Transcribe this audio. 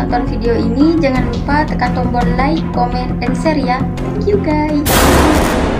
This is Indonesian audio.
menonton video ini, jangan lupa tekan tombol like, comment, dan share ya. Thank you guys.